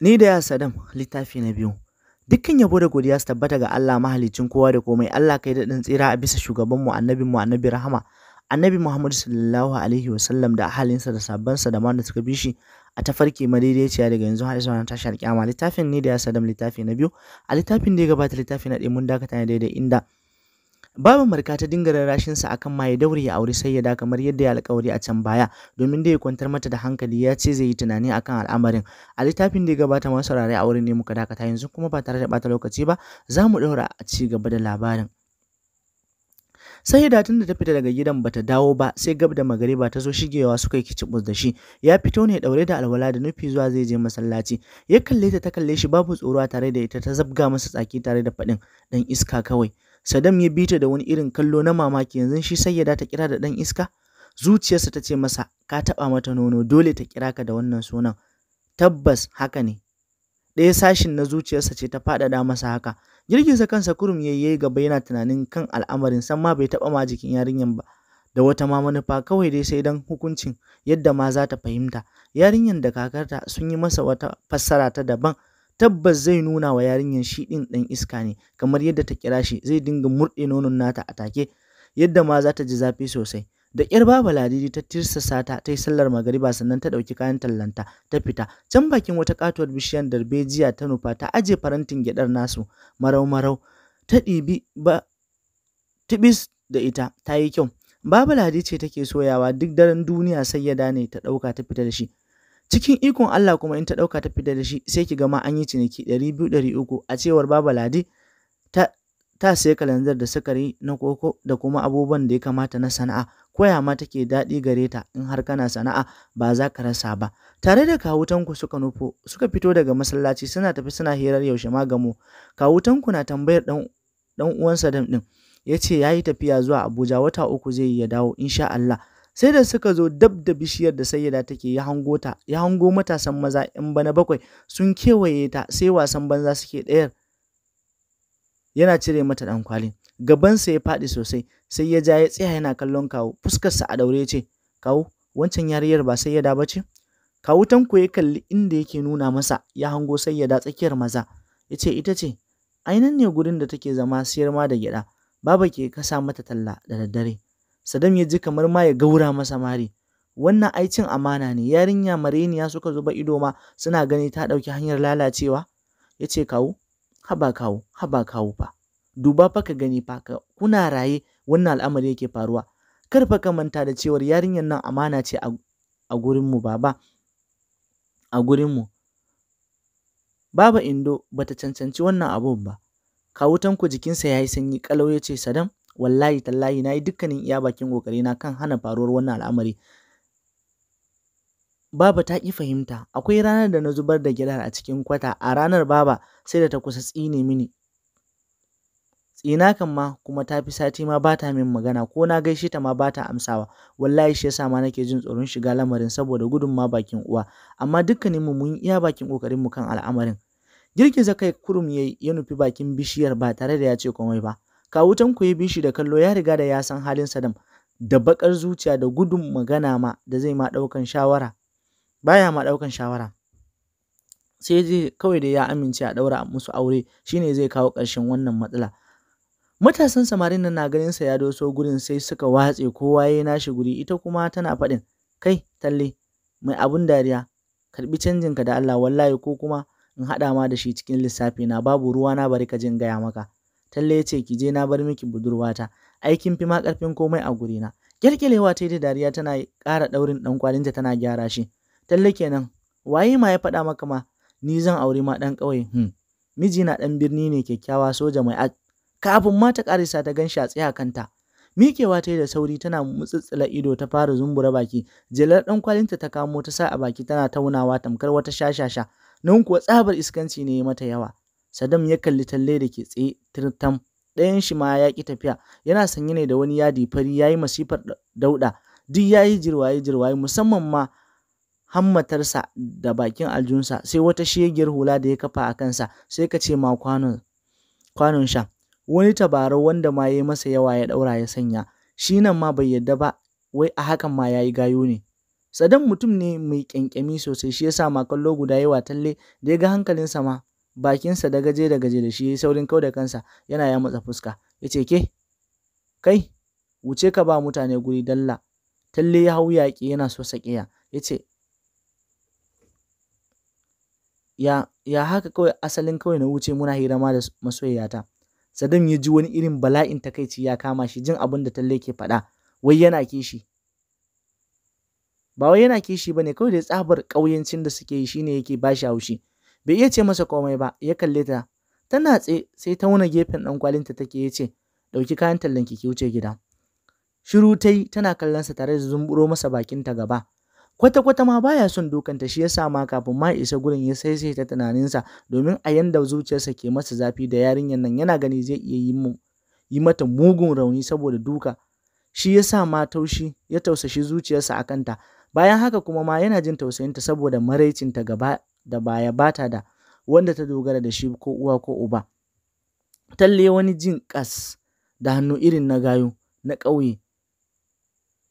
Ni da ya Sadam littafi na biyu. Dukkan yabo da godiya su tabbata ga Allah mahalicin kowa da komai Allah kai daɗin tsira a bisa shugaban mu annabin mu annabi rahama annabi Muhammadu sallallahu alaihi wasallam da ahalinsa da sabbansa da da suka bi shi a tafarki madaidaiciya daga yanzu har zuwa tashar kyama littafin ni da ya Sadam littafi na biyu a littafin da ya gabata littafi na ɗaya mun dakata ne daidai inda Babu marka ta dinga sa akan dauri ya auri sai ya da kamar yadda ya alƙawari a can baya domin da ya kwantar mata da hankali ya ce zai yi tunani akan al'amarin. A littafin da ya gabata masu saurare a wurin ne muka dakata yanzu kuma ba tare da bata lokaci ba za mu ɗaura a ci gaba da labarin. sai tunda da ta fita daga gidan bata dawo ba sai gab da magariba ta zo shigewa suka yi kicibus da shi ya fito ne daure da alwala da nufi zuwa zai je masallaci ya kalle ta ta kalle shi babu tsoro tare da ita ta zabga masa tsaki tare da faɗin dan iska kawai Sadam ya bi ta da wani irin kallo na mamaki yanzu shi sai ya ta kira da ɗan iska. Zuciyarsa ta ce masa, ka taɓa mata nono dole ta kira ka da wannan sunan. Tabbas haka ne. Ɗaya sashin na zuciyarsa ce ta faɗaɗa masa haka. Girgiza kansa kurum ya yi gaba yana tunanin kan al'amarin san ma bai taɓa ma jikin yarinyar ba. Da wata ma manufa kawai dai sai don hukuncin yadda ma za ta fahimta. Yarinyar da kakarta sun yi masa wata fassara ta daban tabbas zai nuna wa yarinyar shi ɗin ɗan iska ne kamar yadda ta kira shi zai dinga murɗe nonon nata a take yadda ma za ta ji zafi sosai da ƙyar baba ladidi ta tirsa sata ta yi sallar magariba sannan ta ɗauki kayan tallanta ta fita can bakin wata katuwar bishiyar darbejiya ta nufa ta aje farantin gyadar nasu marau marau ta ɗibi ba tibis da ita ta yi kyau baba ladi ce take soyawa duk daren duniya sai ya dane ta ɗauka ta fita da shi cikin ikon Allah kuma in ta ɗauka ta fita da shi sai ki gama an yi ciniki ɗari biyu ɗari uku a cewar baba ladi ta ta sayi kalandar da sukari na koko da kuma abubuwan da ya kamata na sana'a koya ma take daɗi gare ta in har kana sana'a ba za ka rasa ba tare da kawutanku suka nufo suka fito daga masallaci suna tafi suna hirar yaushe ma gamo kawutanku na tambayar dan uwansa dam din ya ce ya yi tafiya zuwa abuja wata uku zai ya dawo insha allah sai da suka zo dab da bishiyar da sayyada take ya hango ta ya hango matasan maza in bana bakwai sun kewaye ta sai wasan banza suke ɗayar yana cire mata ɗan kwalin sa ya faɗi sosai sai ya ja ya tsaya yana kallon kawo fuskar sa a daure ce kawo wancan yarinyar ba sayyada ba ce kawo tanko ya kalli inda yake nuna masa ya hango sayyada tsakiyar maza ya ce ita ce ainihin ne gurin da take zama siyar ma da gyaɗa baba ke kasa mata talla da daddare sadam ya ji kamar ma ya gaura masa mari. Wannan ai amana ne, yarinya mareniya suka zuba ido ma suna gani ta ɗauki hanyar lalacewa. Ya ce kawo, haba kawo, haba kawo fa. Duba fa ka gani fa ka kuna raye wannan al'amari yake faruwa. Kar fa ka manta da cewar yarinyar nan amana ce a gurinmu baba. A gurinmu. Baba Indo bata cancanci wannan abun ba. Tanko jikinsa ya yi sanyi kalau ya ce Sadam, wallahi tallahi na yi dukkanin iya bakin kokari na kan hana faruwar wannan al'amari Baba ta ƙi fahimta, akwai ranar da na zubar da gidan a cikin kwata, a ranar baba sai da ta kusa tsine mini. Tsina kan ma kuma ta fi sati ma ba ta min magana ko na gaishe ta ma ba ta amsawa, wallahi shi yasa ma nake jin tsoron shiga lamarin saboda gudun ma bakin uwa, amma dukkanin mu mun iya bakin kokarin mu kan al'amarin. Girgiza kai kurum ya ya nufi bakin bishiyar ba tare da ya ce komai ba. kawu tanko ya bi shi da kallo ya riga da ya san halin sadam da bakar zuciya da gudun magana ma da zai ma daukan shawara baya ma daukan shawara sai dai kawai da ya amince a daura musu aure shine zai kawo ƙarshen wannan matsala matasan samarin nan na ganin sa ya doso gurin sai suka watse kowa ya nashi guri ita kuma tana faɗin kai talle mai abun dariya karbi canjinka da Allah wallahi ko kuma in haɗa ma da shi cikin lissafi na babu ruwa na bari ka jin gaya maka Talle ya ce ki je na bar miki budurwata. Ai kin fi ma ƙarfin komai a gurina. Kyalkyalewa ta yi da dariya tana ƙara ɗaurin ɗan kwalinta tana gyara shi. Talle kenan waye ma ya faɗa maka ma ni zan auri ma ɗan kawai? Hmm. Miji na ɗan birni ne kyakkyawa soja mai ak. Kafin ma ta ƙarisa ta gan shi a tsaya kanta. Mikewa ta yi da sauri tana mutsitsila ido ta fara zumbura baki. Jelar ɗan kwalinta ta kamo ta sa a baki tana taunawa tamkar wata shashasha. Nan kuwa tsabar iskanci ne mata yawa. Sadam ya kalli talle da ke tsaye tirtam ɗayan shi ma ya ƙi tafiya yana sanye ne da wani yadi fari ya yi masifar dauɗa duk ya yi jirwaye jirwaye musamman ma hammatarsa da bakin aljunsa sai wata shegiyar hula da ya kafa a kansa sai ka ce ma kwanon sha wani tabarau wanda ma ya masa yawa ya ɗaura ya sanya shi nan ma bai yadda ba wai a hakan ma ya yi gayo ne sadan mutum ne mai ƙyanƙyami sosai shi yasa ma kallo guda yawa talle da ya ga hankalinsa ma bakinsa da gaje da gaje da shi ya yi saurin kau da kansa yana ya matsa fuska ya ce ke kai wuce ka ba mutane guri dalla talle ya hau yaƙi yana so saƙiya ya ce ya haka kawai asalin kawai na wuce muna hira ma da masoyiyata sadan ya ji wani irin bala'in takaici ya kama shi jin abin da talle ke faɗa wai yana kishi ba wai yana kishi ba ne, kawai da tsabar ƙauyancin da suke yi shine yake bashi haushi bai iya ce masa komai ba ya kalle ta tana tse sai ta wuna gefen dan kwalinta take yace ce ɗauki kayan tallanki ki wuce gida shiru ta tana kallon sa tare da zumburo masa bakinta gaba kwata kwata ma baya son dukanta shi yasa ma kafin ma isa gurin ya tunanin sa domin a yanda zuciyarsa ke masa zafi da yarinyar nan yana gani zai iya yi mu yi mata mugun rauni saboda duka shi yasa ma taushi ya tausashi zuciyarsa a kanta bayan haka kuma ma yana jin tausayinta saboda maraicinta gaba da baya bata da wanda ta dogara da shi ko uwa ko uba talle wani jin kas da hannu irin na gayu. na ƙauye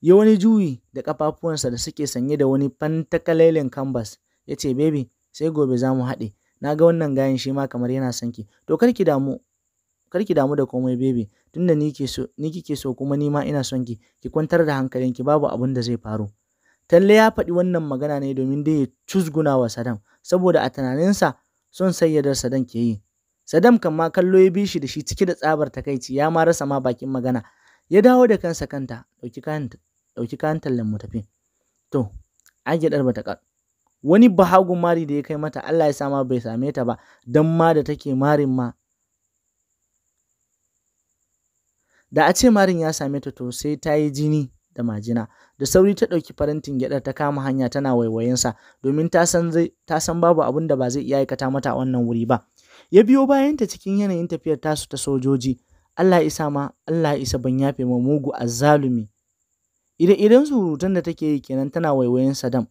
ya wani juyi da ƙafafuwansa da suke sanye da wani fantakalelen canvas, ya ce bebe sai gobe za mu haɗe na ga wannan gayan shi ma kamar yana son ki to kar ki damu kar damu da komai bebe tunda ni ke so ni kike so kuma ni ma ina son ki ki kwantar da hankalinki babu abin da zai faru Talle ya faɗi wannan magana ne domin dai ya cusguna wa Saddam, saboda a tunaninsa son sayyadar Saddam ke yi. Saddam kan ma kallo ya bi shi da shi cike da tsabar takaici ya ma rasa ma bakin magana. Ya dawo da kansa kanta, ɗauki kayan tallan mu tafi. To, an gyaɗar bata ƙar. Wani bahagun mari da ya kai mata Allah ya sa ma bai same ta ba, don ma da take marin ma. Da a ce marin ya same ta to sai ta yi jini da majina da sauri ta ɗauki farantin gyaɗar ta kama hanya tana waiwayinsa domin ta san babu abin da ba zai iya aikata mata a wannan wuri ba ya biyo bayanta cikin yanayin tafiyar tasu ta sojoji Allah isa ma Allah isa ban yafe ma mugu azzalumi ire idan surutan da take yi kenan tana waiwayin Saddam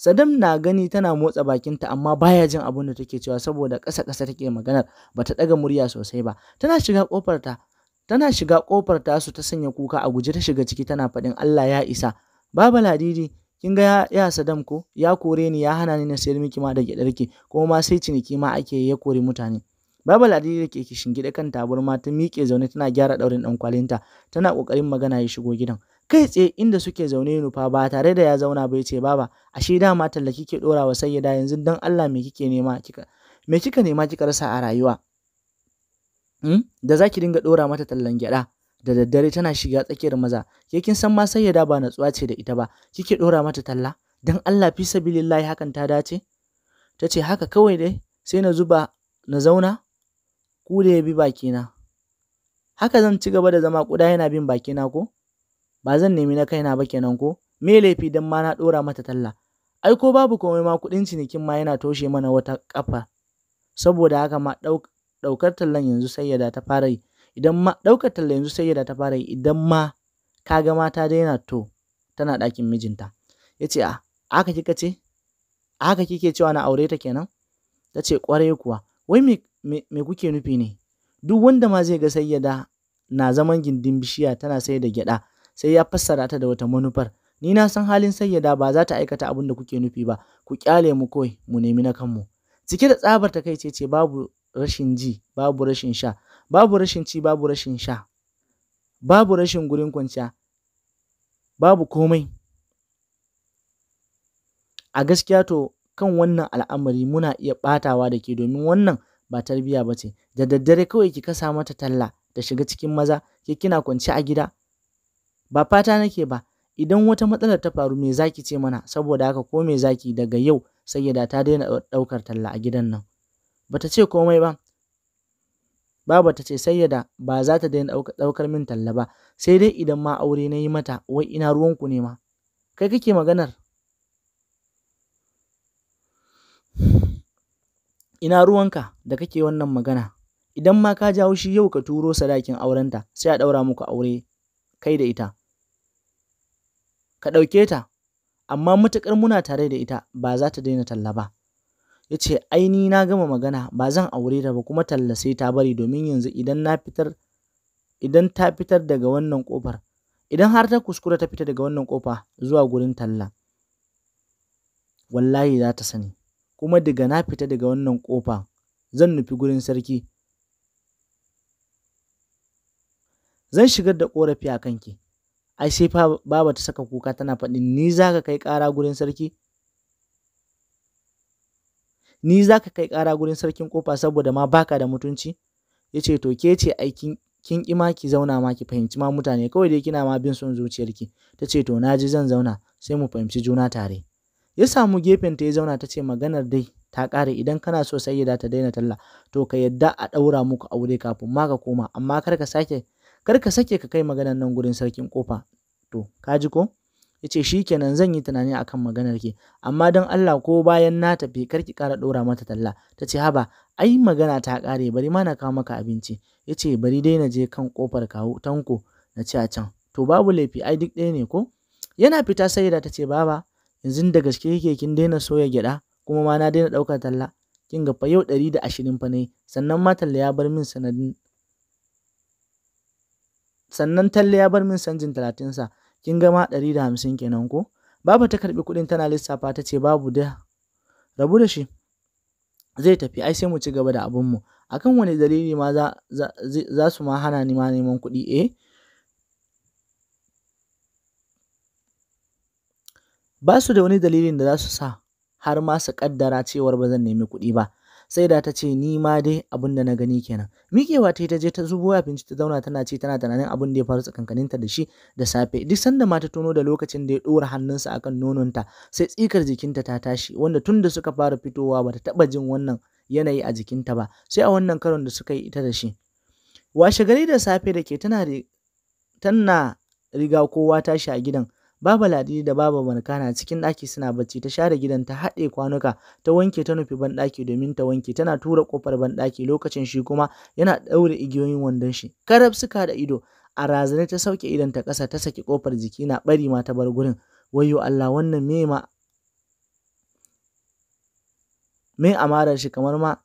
Saddam na gani tana motsa bakinta amma baya jin abin da take cewa saboda ƙasa ƙasa take maganar bata ɗaga murya sosai ba tana shiga ƙofar ta Tana shiga ƙofar tasu ta sanya kuka a guje ta shiga ciki tana faɗin Allah ya isa. Baba Ladidi, kin ga ya sadam ko ya kore ni ya hana ni na sayar miki ma da gyadarki kuma ma sai ciniki ma ake ya kore mutane. Baba Ladidi da ke gida kan tabarma ta miƙe zaune tana gyara ɗaurin ɗan kwalinta tana ƙoƙarin magana ya shigo gidan. Kai tsaye inda suke zaune nufa ba tare da ya zauna ba ya ce baba ashe dama tallaki ke ɗora wa sayyada yanzu don Allah me kike nema kika me kika nema kika rasa a rayuwa. Hmm? da za ki dinga ɗora mata tallan gyaɗa da daddare tana shiga tsakiyar maza ke kin san ma sayyada ba natsuwa ce da ita ba kike ɗora mata talla dan Allah fi sabilillahi hakan ta dace ta ce haka kawai dai sai na zuba na zauna ku da ya bi bakina haka zan ci gaba da zama kuda yana bin bakina ko ba zan nemi na kaina ba kenan ko me laifi dan ma na ɗora mata talla ai ko babu komai ma kuɗin cinikin ma yana toshe mana wata ƙafa saboda haka ma ɗauka. ɗaukar tallan yanzu sayyada ta fara yi idan ma ɗaukar tallan yanzu ta fara yi idan ma ka ga mata daina to tana ɗakin mijinta ya ce a ah, haka kika ce kike cewa na aure ta kenan ta ce ƙwarai kuwa wai me kuke nufi ne duk wanda ma zai ga sayyada na zaman gindin bishiya tana sai da gyaɗa sai ya fassara ta da wata manufar ni na san halin sayyada ba za ta aikata abin da kuke nufi ba ku kyale mu kawai mu nemi na kanmu cike da tsabar ta kai ce babu rashin ji, babu rashin sha, babu rashin ci, babu rashin sha, babu rashin gurin kwanciya, babu komai. A gaskiya to kan wannan al'amari muna iya ɓatawa da ke domin wannan ba tarbiyya ba ce, da daddare kawai ki kasa mata talla ta shiga cikin maza, ke kina kwanci a gida. Ba fata nake ba, idan wata matsalar ta faru me zaki ce mana saboda haka ko me zaki daga yau sai ya da ta daina ɗaukar talla a gidan nan. Bata ce komai ba. Baba ta ce sayyada ba za ta daina ɗaukar min talla ba, sai dai idan ma aure na yi mata, wai ina ruwanku ne ma. Kai kake maganar? Ina ruwanka da kake wannan magana? Idan ma ka jawo shi yau ka turo sadakin aurenta, sai a ɗaura muku aure kai da ita. Ka ɗauke ta, amma matuƙar muna tare da ita ba za ta daina talla ba. ya ce ai ni na gama magana ba zan aure ta ba kuma talla sai ta bari domin yanzu idan na fitar idan ta fitar daga wannan kofar idan har ta kuskura ta fita daga wannan kofa zuwa gurin talla wallahi za ta sani kuma daga na fita daga wannan kofa zan nufi gurin sarki zan shigar da korafi a kanki ai sai fa baba ta saka kuka tana faɗin ni za ka kai ƙara gurin sarki ni za ka kai ƙara gurin sarkin kofa saboda ma baka da mutunci ya ce to ke ce aikin kin kima ki zauna ma ki fahimci ma mutane kawai dai kina ma bin son zuciyarki ta ce to na ji zan zauna sai mu fahimci juna tare ya samu gefen ta ya zauna ta ce maganar dai ta ƙare idan kana so sayyada ta daina talla to ka yadda a ɗaura muku aure kafin ma ka koma amma kar ka sake kar ka sake ka kai maganar nan gurin sarkin kofa to ka ji ko ya ce shi kenan zan yi tunani a kan maganar ki amma don Allah ko bayan na tafi kar ki ƙara ɗora mata talla ta ce haba ai magana ta ƙare bari ma na kawo maka abinci ya ce bari dai na je kan ƙofar kawo tanko na ci a can to babu laifi ai duk ɗaya ne ko yana fita saida, da ta ce baba yanzu da gaske yake kin daina soya gyaɗa kuma ma na daina ɗaukar talla kin ga fa yau ɗari da ashirin fa ne sannan ma talla ya bar min sanadin sannan talla ya bar min sanjin talatinsa kin ga ma ɗari da hamsin kenan ko Babu ta karɓi kuɗin tana lissafa ta ce babu da rabu da shi zai tafi ai sai mu ci gaba da abinmu akan wani dalili ma za, su ma hana ni ma neman kuɗi eh ba su da wani dalilin da za su sa har ma su kaddara cewar ba zan nemi kuɗi ba sai da ta ce ni ma dai abin da na gani kenan miƙewa ta ta je ta zubo abinci ta zauna tana ce tana tunanin abin da ya faru tsakankaninta da shi da safe duk sanda ma ta tono da lokacin da ya ɗora hannunsa akan nononta sai tsikar jikinta ta tashi wanda tun da suka fara fitowa ba ta taɓa jin wannan yanayi a jikinta ba sai a wannan karon da suka yi ita da shi washe gari da safe da ke tana riga kowa tashi a gidan Baba Ladi da Baba Marka na cikin ɗaki suna bacci ta share gidan ta haɗe kwanuka ta wanke ta nufi banɗaki domin ta wanke tana tura ƙofar banɗaki lokacin shi kuma yana ɗaure igiyoyin wandon shi. Karab suka da ido a razane ta sauke idan ta ƙasa ta saki ƙofar jiki na bari ma ta bar gurin. Wayyo Allah wannan me ma me amarar shi kamar ma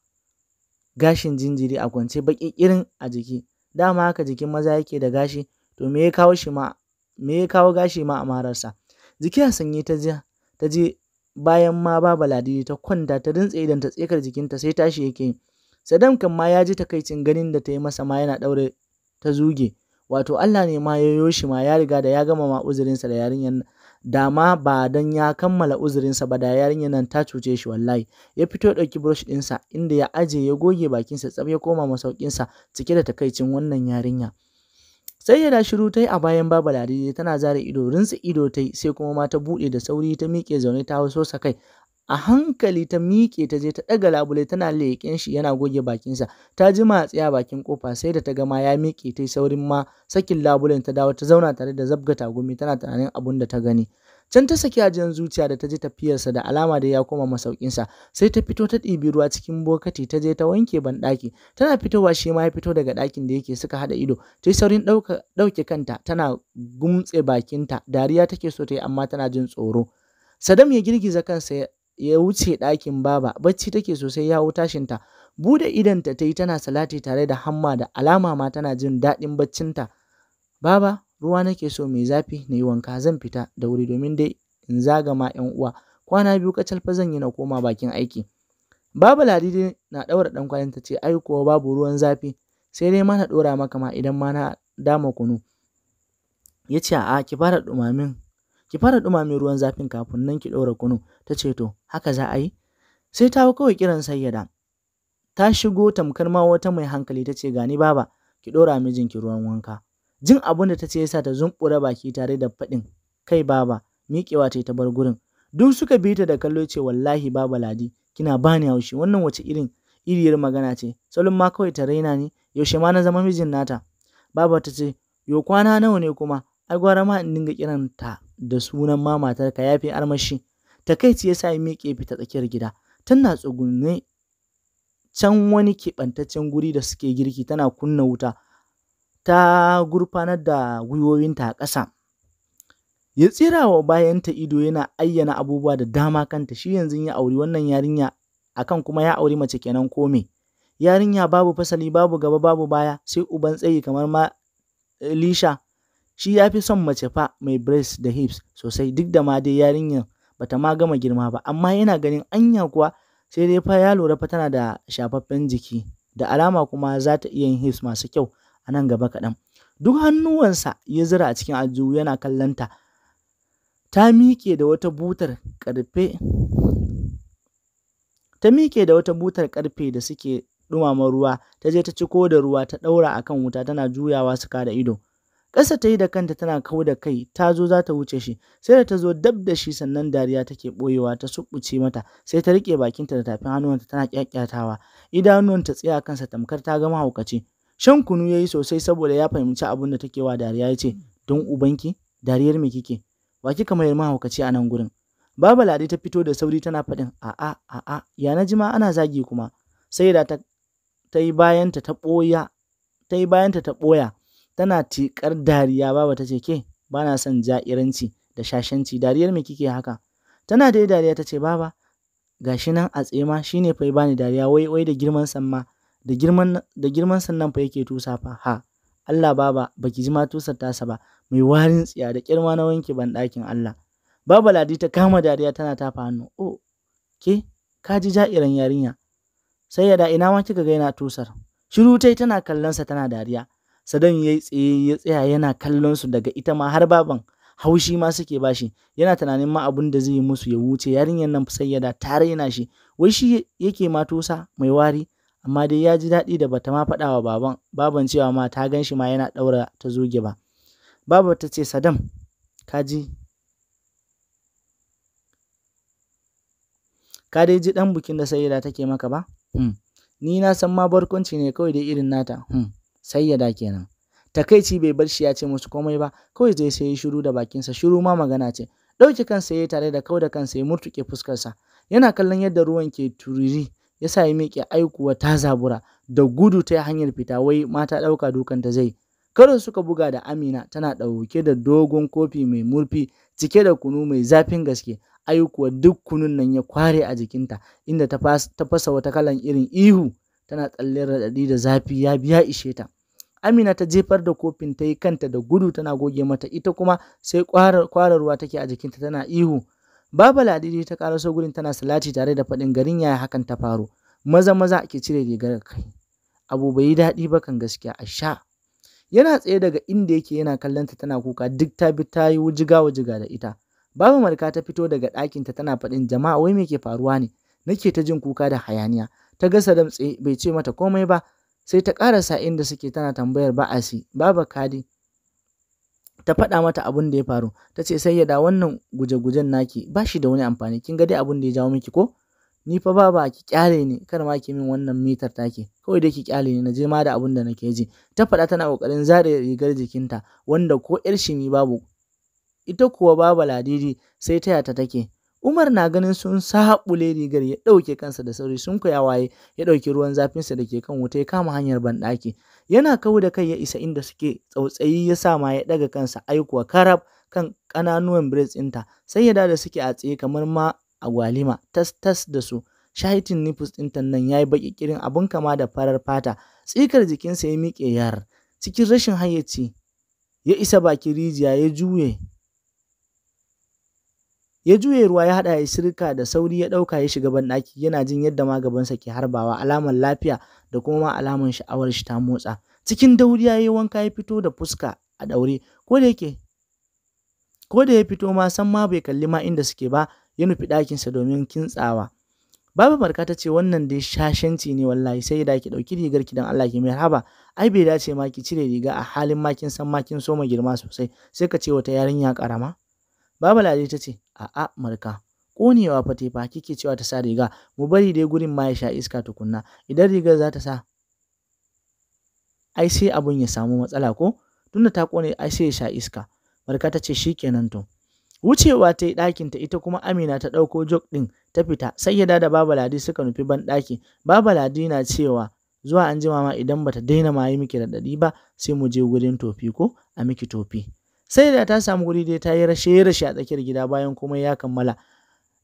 gashin jinjiri a kwance baƙi kirin a jiki. Dama haka jikin maza yake da gashi to me ya kawo shi ma me ya kawo gashi ma a mararsa jiki a sanye ta je ta je bayan ma baba ladidi ta kwanta ta rintse idan ta tsekar jikinta sai tashi yake yi sadam kan ma ya ji takaicin ganin da ta yi masa ma yana daure ta zuge wato Allah ne ma ya shi ma ya riga da ya gama ma sa da yarinyar da ma ba dan ya kammala uzurinsa ba da yarinyar nan ta cuce shi wallahi ya fito ya ɗauki brush ɗinsa inda ya aje ya goge bakinsa tsaf ya koma masaukin sa cike da takaicin wannan yarinya sai yana shiru ta yi a bayan baba ladidi tana zare ido rinsa ido ta sai kuma ma ta buɗe da sauri ta miƙe zaune ta hauso sa kai a hankali ta miƙe ta je ta ɗaga labule tana leƙen shi yana goge bakinsa ta jima a tsaya bakin kofa sai da ta ga ma ya miƙe ta saurin ma sakin labulen ta dawo ta zauna tare da zabga tagumi tana tunanin abun da ta gani Can ta saki a jan zuciya da ta ji tafiyarsa da alama da ya koma masaukinsa, sai ta fito ta ɗibi ruwa cikin bokati ta je ta wanke banɗaki. Tana fitowa shi ma ya fito daga ɗakin da yake suka haɗa ido, ta yi saurin ɗauke kanta tana gumtse bakinta, dariya take so ta yi amma tana jin tsoro. Sadam ya girgiza kansa ya wuce ɗakin baba, bacci take sosai ya hau tashinta. Bude idanta ta yi tana salati tare da hamma da alama ma tana jin daɗin baccinta. Baba, Ruwa nake so mai zafi na yi wanka zan fita da wuri domin dai in zaga ma 'yan uwa. Kwana biyu kacal fa zan yi na koma bakin aiki. Babu ladidi dai na ɗaura ɗan ta ce ai kuwa babu ruwan zafi sai dai ma na ɗora maka ma idan ma na dama kunu. Ya ce a'a ki fara ɗumamin ki fara dumamin ruwan zafin kafin nan ki ɗora kunu. Ta ce to haka za a yi. Sai ta hau kawai kiran sayyada. Ta shigo tamkar ma wata mai hankali ta ce gani baba ki ɗora mijinki ruwan wanka. Jin abin da ta ce yasa ta zumbura baki tare da faɗin kai baba miƙewa ta ta bar gurin. Duk suka bi ta da kallo ce wallahi baba ladi kina bani haushi wannan wace irin iriyar magana ce salon ma kawai ta raina ne yaushe ma na zama mijin nata. Baba ta ce yo kwana nawa ne kuma ai gwara ma in dinga kiranta da sunan ma ka yafi armashi. Takaici ya sa ya miƙe fita tsakiyar gida tana tsugunne can wani keɓantaccen guri da suke girki tana kunna wuta ta gurfanar da gwiwowinta a ƙasa ya tsira wa bayanta ido yana ayyana abubuwa da dama kanta shi yanzu ya auri wannan yarinya akan kuma ya auri mace kenan kome. yarinya babu fasali babu gaba babu baya sai uban tsayi kamar ma eh, lisha shi ya fi son mace fa mai breast da hips sosai duk da ma dai yarinyar bata ma gama girma ba amma yana ganin anya kuwa sai dai fa ya lura fa tana da shafaffen jiki da alama kuma za ta iya yin hips masu kyau a nan gaba kaɗan duk hannuwansa ya zira a cikin aljihu yana kallonta ta miƙe da wata butar ƙarfe ta miƙe da wata butar ƙarfe da suke ɗumama ruwa ta je ta ciko da ruwa ta ɗaura a kan wuta tana juyawa su da ido ƙasa ta yi da kanta tana kau da kai ta zo za ta wuce shi sai da ta zo dab da shi sannan dariya take ɓoyewa ta suɓuce mata sai ta riƙe bakinta da tafin hannuwanta tana ƙyaƙyatawa idanuwanta tsaye a kansa tamkar ta gama haukace Shan kunu ya yi sosai saboda ya fahimci abin da take wa dariya ya ce, Don ubanki, dariyar me kike? Wa kika mayar mahaukaci a nan gurin? Baba Ladi ta fito da sauri tana faɗin, A'a, a'a, ya na jima ana zagi kuma. Sai da ta, ta yi bayanta ta ɓoya, ta yi bayanta ta ɓoya, tana tiƙar dariya baba ta ce, Ke, ba na son ja'iranci da shashanci, dariyar me kike haka? Tana dai dariya ta ce, Baba, gashi nan a tsema shine fa bani dariya wai wai da girman samma da girman da girman sannan fa yake tusa fa ha Allah baba baki ji ma tusar tasa ba mai warin tsiya da kirma na wanke banɗakin Allah baba ladi ta kama dariya tana tafa hannu oh ke ka ji ja'iran yarinya sai ya da ina ma kika ga yana tusar shiru tai tana kallon sa tana dariya sadan yayi tsaye ya tsaya yana kallon su daga ita ma har baban haushi ma suke bashi yana tunanin ma abun da zai musu ya wuce yarinyar nan sai ya da tare yana shi wai shi yake ma tusa mai wari amma dai ya ji daɗi da bata ma faɗa wa baban baban cewa ma ta gan shi ma yana ɗaura ta zuge ba baba ta ce sadam ka ji ka dai ji ɗan bukin da sayyada take maka ba hmm. ni na san ma barkwanci ne kawai dai irin nata hmm. sayyada kenan takaici bai bar shi ya ce musu komai ba kawai zai sayi shiru da bakinsa shiru ma magana ce Ɗauki kansa ya tare da kau da kansa ya murtuke fuskarsa yana kallon yadda ruwan ke turiri ya sa ya miƙe aikuwa ta zabura da gudu ta hanyar fita wai mata ɗauka ta zai karin suka buga da amina tana ɗauke da dogon kofi mai murfi cike da kunu mai zafin gaske aikuwa duk kunun nan ya kware a jikinta inda ta fasa wata kalan irin ihu tana tsalle raɗaɗi da zafi ya biya ishe ta amina ta jefar da kofin ta yi kanta da gudu tana goge mata ita kuma sai kwara ruwa take a jikinta tana ihu Baba Ladidi ta karaso gurin tana salati tare da faɗin garin yaya hakan ta faru. Maza maza ake cire rigar kai. Abu bai yi daɗi ba kan gaskiya a sha. Yana tsaye daga inda yake yana kallon ta tana kuka duk ta bi ta yi wujiga wujiga da ita. Baba Marka ta fito daga ɗakinta tana faɗin jama'a wai me ke faruwa ne? Nake ta jin kuka da hayaniya. Ta ga Sadam tsaye bai ce mata komai ba sai ta ƙarasa inda suke tana tambayar ba'asi. Baba Kadi ta faɗa mata abin da ya faru ta ce sai ya da wannan guje-gujen naki ba shi da wani amfani kin ga dai abin da ya jawo miki ko ni fa baba ki kyale ni kar ma ki min wannan mitar take kawai dai ki kyale ni na je ma da abin da nake ji ta faɗa tana kokarin zare rigar jikinta wanda ko yar shimi babu ita kuwa baba baladidi sai taya ta take Umar na ganin sun saɓule rigar ya ɗauke kansa da sauri sun kuya waye ya ɗauki ruwan zafinsa da ke kan wuta ya kama hanyar banɗaki. Yana kawo da kai ya isa inda suke tsautsayi ya sa ma ya ɗaga kansa aikuwa karab kan ƙananuwan birez ɗinta sai ya da suke a tsaye kamar ma a gwalima tas tas da su. Shahitin nifus ɗinta nan ya yi baƙi kirin abin kama da farar fata tsikar jikinsa ya miƙe yar cikin rashin hayyaci ya isa baki rijiya ya juye ya juya ruwa ya haɗa ya sirka da sauri ya ɗauka ya shiga banɗaki yana jin yadda ma sa ke harbawa alamar lafiya da kuma ma alamar sha'awar shi ta motsa cikin dauri ya yi wanka ya fito da fuska a ɗaure ko da yake ko da ya fito ma san ma bai kalli ma inda suke ba ya nufi ɗakinsa domin kintsawa Baba Barka ta ce wannan dai shashanci ne wallahi sai da ki dauki rigar ki dan Allah ki mai haba ai bai dace ma ki cire riga a halin makin san makin soma girma sosai sai ka ce wata yarinya karama. Baba Ladi ta ce A'a Marka, ƙonewa fa tai kike cewa ta sa riga, mu bari dai gurin ma ya sha iska tukunna, idan rigar za ta sa ai sai abun ya samu matsala ko, tunda ta ƙone ai sai ya sha iska. Marka ta ce shi kenan to. Wucewa ta yi ɗakinta ita kuma Amina ta ɗauko jok ɗin ta fita sai ya da Baba Ladi suka nufi banɗaki. Baba Ladi na cewa zuwa an jima ma idan bata daina ma yi miki raɗaɗi ba sai mu je gurin tofi ko a miki tofi. sai da ta samu wuri dai ta yi rashe rashe a tsakiyar gida bayan komai ya kammala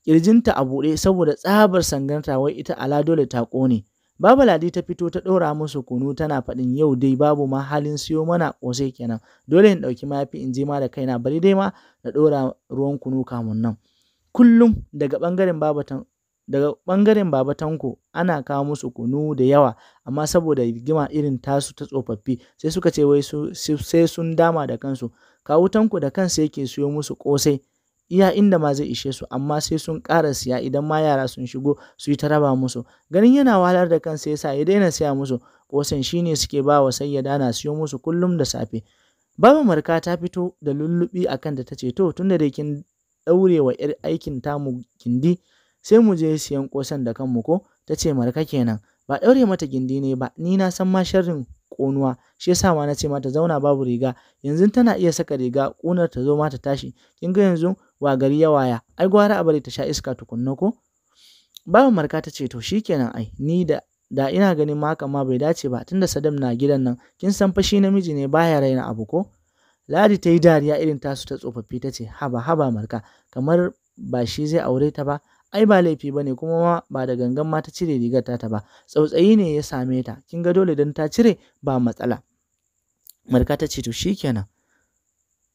kirjinta a buɗe saboda tsabar sangarta wai ita ala dole ta ƙone Babu Ladi ta fito ta ɗora musu kunu tana faɗin yau dai babu ma halin siyo mana ƙosai kenan. Dole in ɗauki mayafi in je ma da kaina bari dai ma na ɗora ruwan kunu kamun nan. Kullum daga ɓangaren babatan daga ɓangaren baba tanko ana kawo musu kunu da yawa amma saboda rigima irin tasu ta tsofaffi sai suka ce wai sai sun dama da kansu kawutanku da kansa yake siyo musu ƙosai iya inda ma zai ishe su amma sai sun ƙara siya idan ma yara sun shigo su yi ta raba musu ganin yana wahalar da kansa yasa ya daina siya musu ƙosan shine suke ba wa sayyada na siyo musu kullum da safe baba marka ta fito da lullubi a da ta to tunda da kin daure wa 'yar aikin ta mu gindi sai mu je siyan kosan da kanmu ko tace marka kenan ba daure mata gindi ne ba ni na san ma sharrin ƙonuwa shi yasa ma na ce mata zauna babu riga yanzu tana iya saka riga ƙunar ta zo ma ta tashi kin ga yanzu wa gari ya waya ai gwara a bari ta sha iska tukunna ko Babu marka ta ce to shikenan ai ni da da ina ganin ma haka ma bai dace ba tunda Sadam na gidan nan kin san fa shi namiji ne baya raina abu ko Ladi ta yi dariya irin tasu ta tsofaffi ta ce haba haba marka kamar ba shi zai aure ta ba ai ba laifi ba ne kuma ba da gangan ma ta cire rigar ta ba tsautsayi ne ya same ta kin ga dole dan ta cire ba matsala marka ta ce to shikenan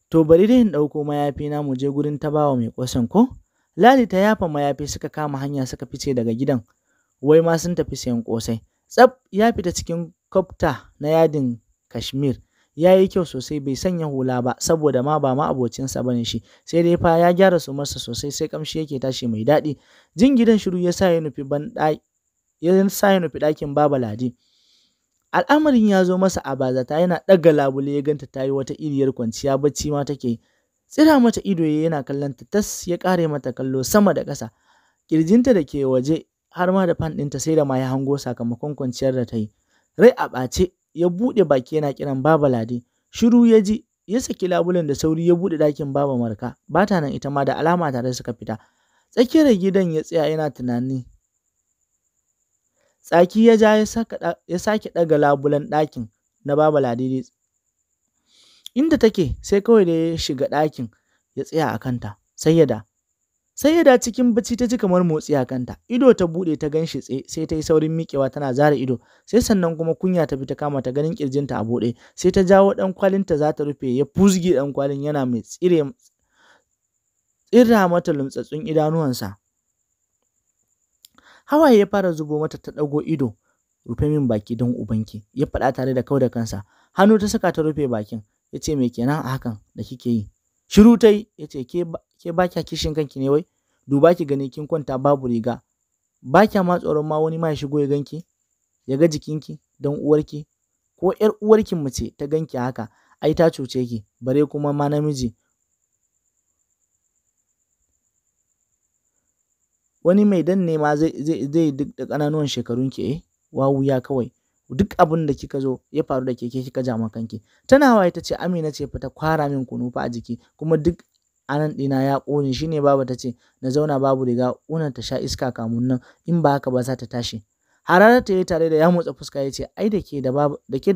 to bari dai in ɗauko mayafi na mu je gurin ta bawa mai ƙwasan ko lali ta yafa mayafi suka kama hanya suka fice daga gidan wai ma sun tafi sayan kosai tsaf ya fita cikin kofta na yadin kashmir ya yi kyau sosai bai sanya hula ba saboda ma ba ma abocinsa bane shi sai dai fa ya gyara su masa sosai sai kamshi yake tashi mai daɗi jin gidan shiru ya sa ya nufi ban ya sa ya nufi ɗakin baba ladi al'amarin ya zo masa a bazata yana ɗaga labule ya ganta ta yi wata iriyar kwanciya bacci ma take yi. tsira mata ido yana kallon ta tas ya ƙare mata kallo sama da ƙasa ƙirjinta da ke waje har ma da fan ɗinta sai da ma ya hango sakamakon kwanciyar da ta yi rai a ɓace ya buɗe baki yana kiran Baba Lade. Shiru ya ji, ya saki labulen da sauri ya buɗe ɗakin Baba Marka, ba ta nan ita ma da alama tare suka fita. Tsakiyar gidan ya tsaya yana tunani. Tsaki ya ja ya sake ɗaga labulen ɗakin na Baba Lade inda take sai kawai da ya shiga ɗakin ya tsaya a kanta sai ya da sai da cikin bacci ta ji kamar motsi a kanta ido ta buɗe ta ganshi tsaye sai ta yi saurin miƙewa tana zara ido sai sannan kuma kunya ta bi ta kama ta ganin ƙirjinta a buɗe, sai ta jawo ɗan kwalin ta za ta rufe ya fuzge dan kwalin yana mai tsire tsira mata lumtsatsun idanuwansa hawaye ya fara zubo mata ta dago ido rufe min baki don ubanki ya faɗa tare da kau da kansa hannu ta saka ta rufe bakin ya ce me kenan a hakan da kike yi shiru ta yi ya ce ke ke ba kya kishin kanki ne wai duba ki gani kin kwanta babu riga ba kya ma tsoron ma wani ma ya shigo ya ganki ya ga jikinki dan uwarki ko yar uwarki mace ta ganki haka ai ta cuce ki bare kuma ma namiji wani mai danne ma zai zai duk da kananan shekarun ki eh wawu ya kawai duk abin da kika zo ya faru da keke kika ja kanki tana hawaye ta ce amina ce fita ta kwara min kunu fa a jiki kuma duk anan ɗina ya ƙone shine baba ta ce na zauna babu riga unan ta sha iska kamun nan in ba haka ba za ta tashi hararar ta yi tare da ya motsa fuska ya ce ai da ke da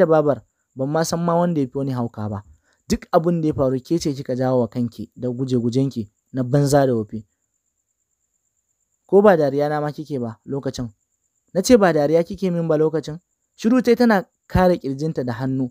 babar ban ma san ma wanda ya fi wani hauka ba duk abin da ya faru ke ce kika jawo wa kanki da guje-gujenki na banza da wofi ko ba dariya na ma kike ba lokacin na ce ba dariya kike min ba lokacin shiru tai tana kare kirjinta da hannu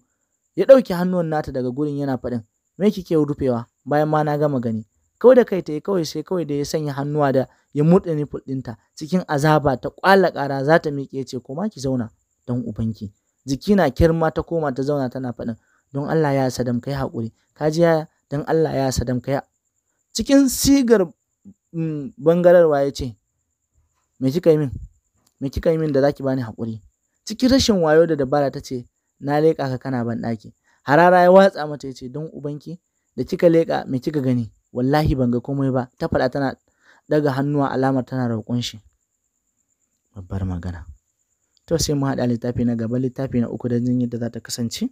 ya ɗauki hannuwan nata daga gurin yana faɗin me kike rufewa bayan ma na gama gani kawai da kai ta yi kawai sai kawai da ya sanya hannuwa da ya murɗe ni ɗinta cikin azaba ta ƙwala ƙara za ta miƙe ce koma ki zauna don ubanki jiki na kirma ta koma ta zauna tana faɗin don Allah ya sadam kai haƙuri ka ji ya don Allah ya sadam kai cikin sigar mm, bangararwa ya ce me kika yi min me kika yi min da zaki bani haƙuri cikin rashin wayo da dabara ta ce na leƙa ka kana ban ɗaki harara ya watsa mata ya ce don ubanki da kika leƙa me kika gani wallahi ban ga komai ba ta faɗa tana daga hannuwa alamar tana roƙon shi babbar magana to sai mu haɗa littafi na gaba littafi na uku da jin yadda za ta kasance